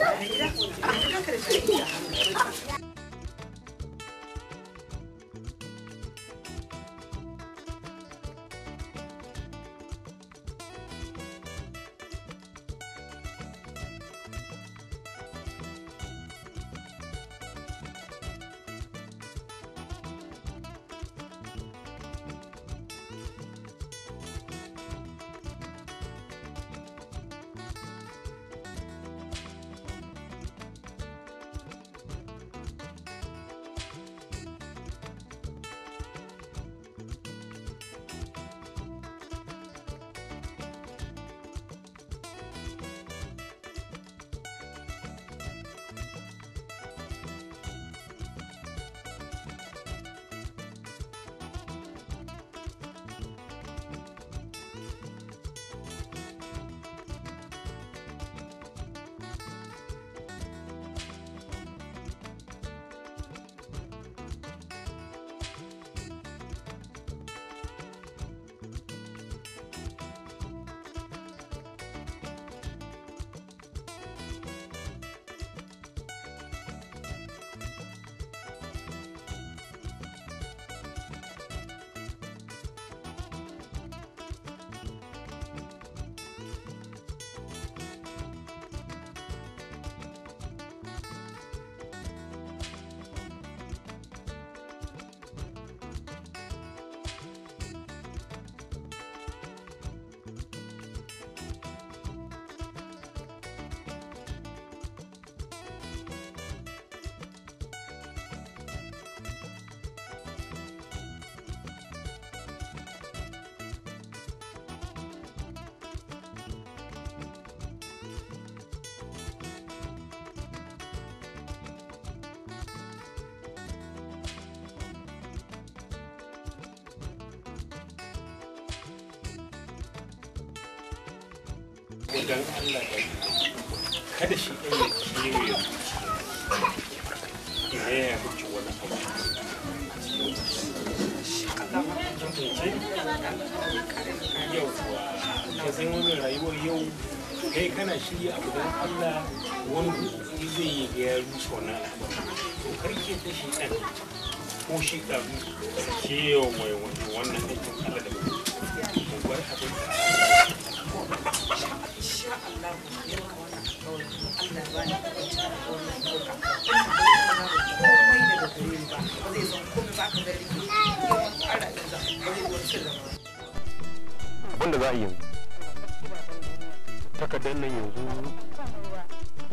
i'm not roƙo don Allah da kada shi ɗan ya kiwo ya zuci ya yaya miki wani abu yauwa ka san wani rayuwar yau kai kana shirya abu don Allah wani hukumi zai yi ga ya rushe wani abu to karke ta shi ɗan ko shi ɗan ke yawan wannan aikin Allah da mutum da za a yanzu takardar nan yanzu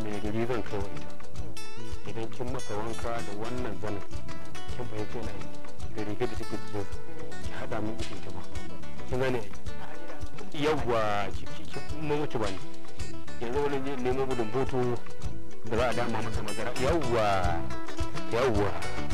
mai gari zan kai wani idan kin masa wanka da wannan zanen kin ce na da riga da take cikin ki hada min ita ita ba kin gane yawwa mutu ba ne yanzu wani neman gudun boto da za a dama masa magana yawwa yawwa